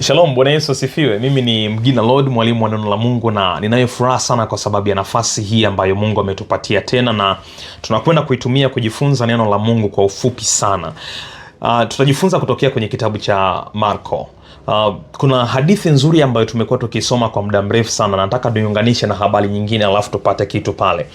Shalom, Bwana Yesu asifiwe. Mimi ni Mgina Lord, mwalimu wa neno la Mungu, na ninayo furaha sana kwa sababu ya nafasi hii ambayo Mungu ametupatia tena, na tunakwenda kuitumia kujifunza neno la Mungu kwa ufupi sana. Uh, tutajifunza kutokea kwenye kitabu cha Marko. Uh, kuna hadithi nzuri ambayo tumekuwa tukisoma kwa muda mrefu sana. Nataka tuiunganishe na habari nyingine, alafu tupate kitu pale.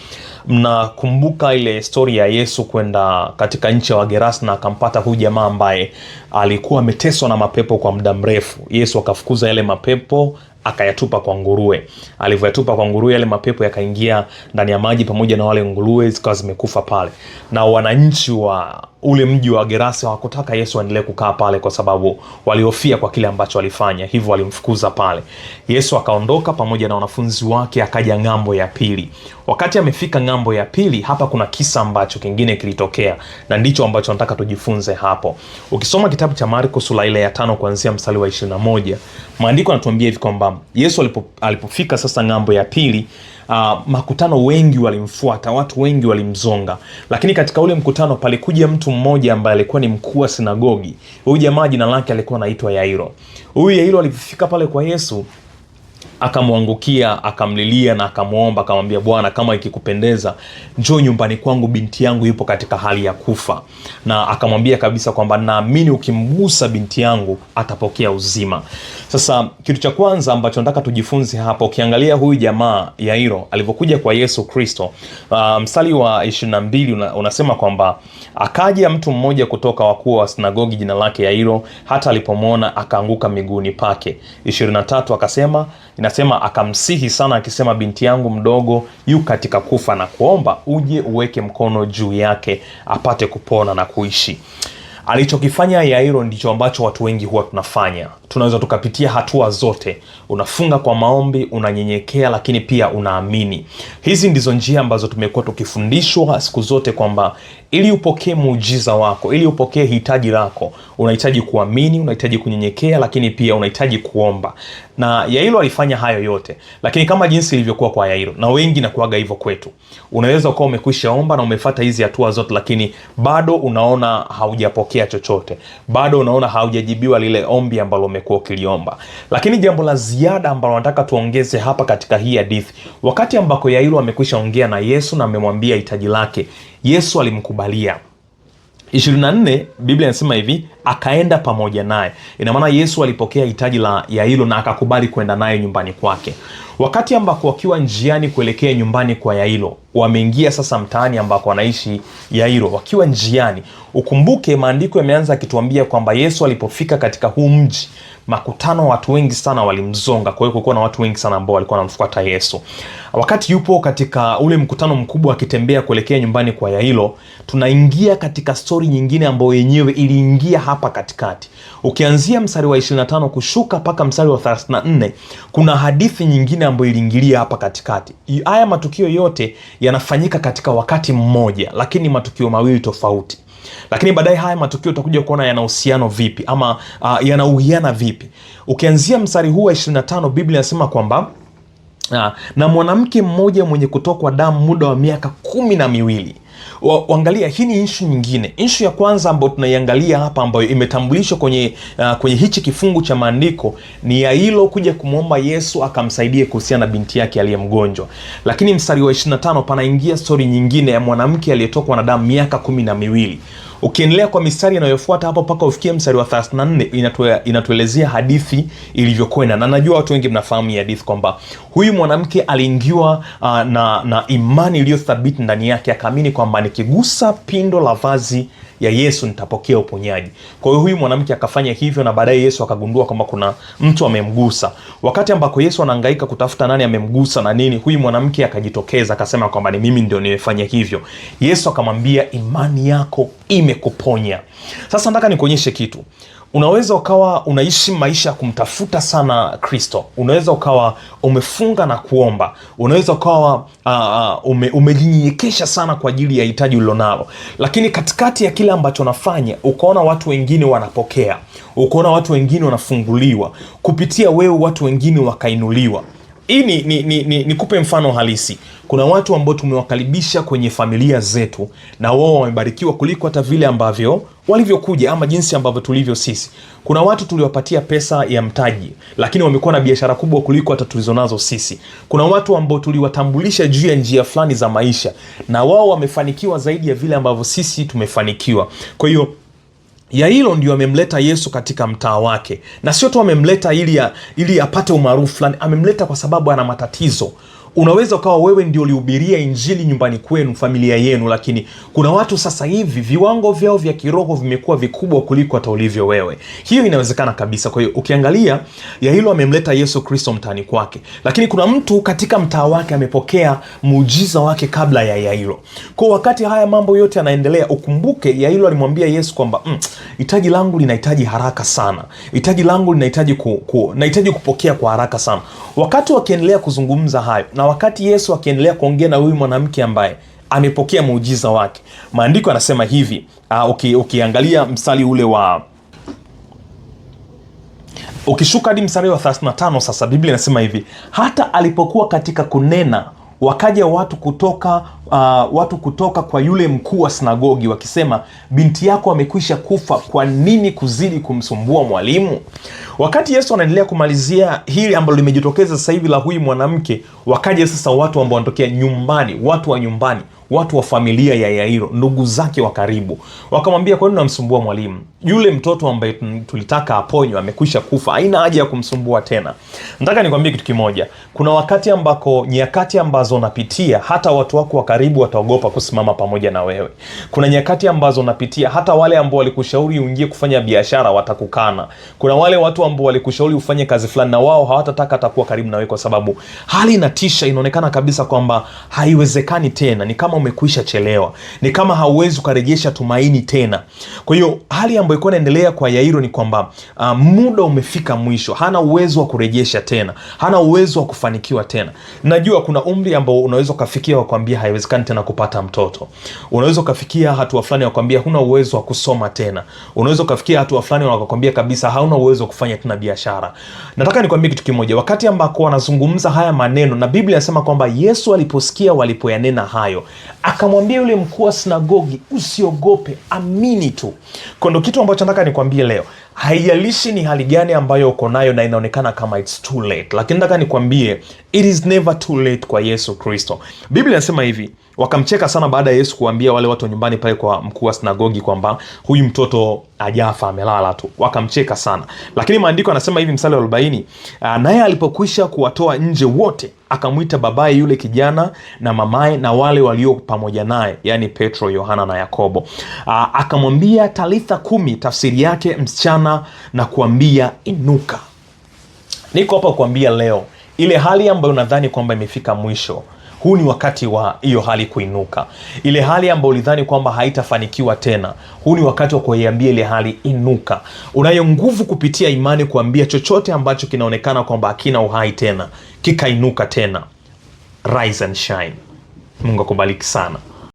Mnakumbuka ile stori ya Yesu kwenda katika nchi ya Wagerasi na akampata huyu jamaa ambaye alikuwa ameteswa na mapepo kwa muda mrefu. Yesu akafukuza yale mapepo akayatupa kwa nguruwe. Alivyoyatupa kwa nguruwe, yale mapepo yakaingia ndani ya maji pamoja na wale nguruwe, zikawa zimekufa pale. Na wananchi wa ule mji wa Gerasi hawakutaka Yesu aendelee kukaa pale, kwa sababu walihofia kwa kile ambacho alifanya, hivyo walimfukuza pale. Yesu akaondoka pamoja na wanafunzi wake, akaja ng'ambo ya pili. Wakati amefika ng'ambo ya pili, hapa kuna kisa ambacho kingine kilitokea, na ndicho ambacho nataka tujifunze hapo. Ukisoma kitabu cha Marko sura ile ya tano kuanzia mstari wa 21, maandiko yanatuambia hivi kwamba Yesu alipo, alipofika sasa ng'ambo ya pili Uh, makutano wengi walimfuata, watu wengi walimzonga, lakini katika ule mkutano palikuja mtu mmoja ambaye alikuwa ni mkuu wa sinagogi. Huyu jamaa jina lake alikuwa anaitwa Yairo. Huyu Yairo alipofika pale kwa Yesu akamwangukia akamlilia na akamwomba akamwambia, Bwana, kama ikikupendeza njoo nyumbani kwangu, binti yangu yupo katika hali ya kufa. Na akamwambia kabisa kwamba naamini ukimgusa binti yangu atapokea uzima. Sasa kitu cha kwanza ambacho nataka tujifunze hapa, ukiangalia huyu jamaa Yairo alivyokuja kwa Yesu Kristo, uh, mstari wa 22 una, unasema kwamba akaja mtu mmoja kutoka wakuu wa sinagogi jina lake Yairo, hata alipomwona akaanguka miguuni pake. 23 akasema inasema akamsihi sana akisema, binti yangu mdogo yu katika kufa, na kuomba uje uweke mkono juu yake apate kupona na kuishi. Alichokifanya Yairo ndicho ambacho watu wengi huwa tunafanya tunaweza tukapitia hatua zote. Unafunga kwa maombi, unanyenyekea, lakini pia unaamini. Hizi ndizo njia ambazo tumekuwa tukifundishwa siku zote kwamba ili upokee muujiza wako, ili upokee hitaji lako, unahitaji kuamini, unahitaji kunyenyekea, lakini pia unahitaji kuomba. Na Yairo alifanya hayo yote, lakini kama jinsi ilivyokuwa kwa Yairo, na wengi nakuaga hivyo kwetu, unaweza ukawa umekwisha omba na umefata hizi hatua zote, lakini bado unaona haujapokea chochote, bado unaona haujajibiwa lile ombi ambalo umekuwa ukiliomba. Lakini jambo la ziada ambalo nataka tuongeze hapa katika hii hadithi, wakati ambako Yairo amekwisha ongea na Yesu na amemwambia hitaji lake, Yesu alimkubalia. 24 Biblia inasema hivi, akaenda pamoja naye. Ina maana Yesu alipokea hitaji la yairo na akakubali kwenda naye nyumbani kwake. Wakati ambako wakiwa njiani kuelekea nyumbani kwa Yairo, wameingia sasa mtaani ambako wanaishi Yairo. Wakiwa njiani, ukumbuke maandiko yameanza akituambia kwamba Yesu alipofika katika huu mji, makutano watu wengi sana walimzonga. Kwa hiyo kulikuwa na watu wengi sana ambao walikuwa wanamfuata Yesu. Wakati yupo katika ule mkutano mkubwa akitembea kuelekea nyumbani kwa yailo tunaingia katika stori nyingine ambayo yenyewe iliingia hapa hapa katikati, ukianzia mstari wa 25 kushuka mpaka mstari wa 34, kuna hadithi nyingine ambayo iliingilia hapa katikati. Haya matukio yote yanafanyika katika wakati mmoja, lakini matukio mawili tofauti lakini baadaye haya matukio utakuja kuona yana uhusiano vipi ama uh, yanauhiana vipi. Ukianzia mstari huu wa 25 Biblia inasema kwamba uh, na mwanamke mmoja mwenye kutokwa damu muda wa miaka kumi na miwili Waangalia, hii ni issue nyingine. Issue ya kwanza ambayo tunaiangalia hapa ambayo imetambulishwa kwenye, uh, kwenye hichi kifungu cha maandiko ni ya hilo kuja kumwomba Yesu akamsaidie kuhusiana na binti yake aliye mgonjwa, lakini mstari wa 25 panaingia stori nyingine ya mwanamke aliyetokwa na damu miaka kumi na miwili. Ukiendelea kwa mistari inayofuata hapo mpaka ufikie mstari wa 34 inatuelezea hadithi ilivyokwenda, na najua watu wengi mnafahamu hii hadithi kwamba huyu mwanamke aliingiwa uh, na, na imani iliyothabiti ndani yake, akaamini kwamba nikigusa pindo la vazi ya Yesu nitapokea uponyaji. Kwa hiyo huyu mwanamke akafanya hivyo, na baadaye Yesu akagundua kwamba kuna mtu amemgusa. Wakati ambako Yesu anahangaika kutafuta nani amemgusa na nini, huyu mwanamke akajitokeza akasema kwamba ni mimi ndio nimefanya hivyo. Yesu akamwambia, imani yako imekuponya. Sasa nataka nikuonyeshe kitu. Unaweza ukawa unaishi maisha ya kumtafuta sana Kristo, unaweza ukawa umefunga na kuomba, unaweza ukawa uh, ume, umejinyenyekesha sana kwa ajili ya hitaji ulilonalo, lakini katikati ya kile ambacho unafanya ukaona watu wengine wanapokea, ukaona watu wengine wanafunguliwa kupitia wewe, watu wengine wakainuliwa hii ni, ni, ni, ni, kupe mfano halisi. Kuna watu ambao tumewakaribisha kwenye familia zetu na wao wamebarikiwa kuliko hata vile ambavyo walivyokuja ama jinsi ambavyo tulivyo sisi. Kuna watu tuliwapatia pesa ya mtaji, lakini wamekuwa na biashara kubwa kuliko hata tulizonazo sisi. Kuna watu ambao tuliwatambulisha juu ya njia fulani za maisha na wao wamefanikiwa zaidi ya vile ambavyo sisi tumefanikiwa. Kwa hiyo ya hilo ndio amemleta Yesu katika mtaa wake, na sio tu amemleta ili, ili apate umaarufu fulani. Amemleta kwa sababu ana matatizo. Unaweza ukawa wewe ndio ulihubiria injili nyumbani kwenu, familia yenu, lakini kuna watu sasa hivi viwango vyao vya kiroho vimekuwa vikubwa kuliko hata ulivyo wewe. Hiyo inawezekana kabisa. Kwa hiyo ukiangalia, ya hilo, amemleta Yesu Kristo mtaani kwake, lakini kuna mtu katika mtaa wake amepokea muujiza wake kabla ya Yailo. Kwa wakati haya mambo yote yanaendelea, ukumbuke Yailo alimwambia Yesu kwamba mm, hitaji langu linahitaji haraka sana, hitaji langu linahitaji ku, ku, nahitaji kupokea kwa haraka sana. Wakati wakiendelea kuzungumza hayo na wakati Yesu akiendelea kuongea na huyu mwanamke ambaye amepokea muujiza wake, maandiko anasema hivi ah, ukiangalia okay, ukiangalia mstari ule wa ukishuka hadi mstari wa 35 sasa Biblia inasema hivi, hata alipokuwa katika kunena wakaja watu kutoka uh, watu kutoka kwa yule mkuu wa sinagogi wakisema, binti yako amekwisha kufa, kwa nini kuzidi kumsumbua mwalimu? Wakati Yesu anaendelea kumalizia hili ambalo limejitokeza sasa hivi la huyu mwanamke, wakaja sasa watu ambao wanatokea nyumbani, watu wa nyumbani watu wa familia ya Yairo, ndugu zake wa karibu, wakamwambia kwa nini unamsumbua mwalimu? Yule mtoto ambaye tulitaka aponywe amekwisha kufa, haina haja ya kumsumbua tena. Nataka nikwambie kitu kimoja, kuna wakati ambako, nyakati ambazo unapitia, hata watu wako wa karibu wataogopa kusimama pamoja na wewe. Kuna nyakati ambazo unapitia, hata wale ambao walikushauri uingie kufanya biashara watakukana. Kuna wale watu ambao walikushauri ufanye kazi fulani, na wao hawatataka atakuwa karibu na wewe, kwa sababu hali inatisha, inaonekana kabisa kwamba haiwezekani tena, ni kama umekwisha chelewa, ni kama hauwezi ukarejesha tumaini tena. Kwa hiyo hali ambayo ilikuwa inaendelea kwa Yairo ni kwamba uh, muda umefika mwisho, hana uwezo wa kurejesha tena, hana uwezo wa kufanikiwa tena. Najua kuna umri ambao unaweza ukafikia wakwambia haiwezekani tena kupata mtoto, unaweza ukafikia hatua fulani wakwambia huna uwezo wa kusoma tena, unaweza ukafikia hatua fulani wakakwambia kabisa hauna uwezo wa kufanya tena biashara. Nataka nikwambie kitu kimoja, wakati ambako wanazungumza haya maneno na Biblia inasema kwamba Yesu aliposikia walipoyanena hayo Akamwambia yule mkuu wa sinagogi, usiogope, amini tu. kondo kitu ambacho nataka nikwambie leo haijalishi ni hali gani ambayo uko nayo na inaonekana kama it's too late, lakini nataka nikwambie it is never too late kwa Yesu Kristo. Biblia inasema hivi, wakamcheka sana baada ya Yesu kuambia wale watu wa nyumbani pale kwa mkuu wa sinagogi kwamba huyu mtoto ajafa amelala tu, wakamcheka sana, lakini maandiko anasema hivi, mstari wa arobaini, ah, naye alipokwisha kuwatoa nje wote akamwita babaye yule kijana na mamaye na wale walio pamoja naye, yani Petro, Yohana na Yakobo, ah, akamwambia talitha kumi, tafsiri yake msichana sana na kuambia inuka. Niko hapa kuambia leo, ile hali ambayo unadhani kwamba imefika mwisho huu ni wakati wa hiyo hali kuinuka. Ile hali ambayo ulidhani kwamba haitafanikiwa tena, huu ni wakati wa kuiambia ile hali inuka. Unayo nguvu kupitia imani kuambia chochote ambacho kinaonekana kwamba hakina uhai tena, kikainuka tena. Rise and shine. Mungu akubariki sana.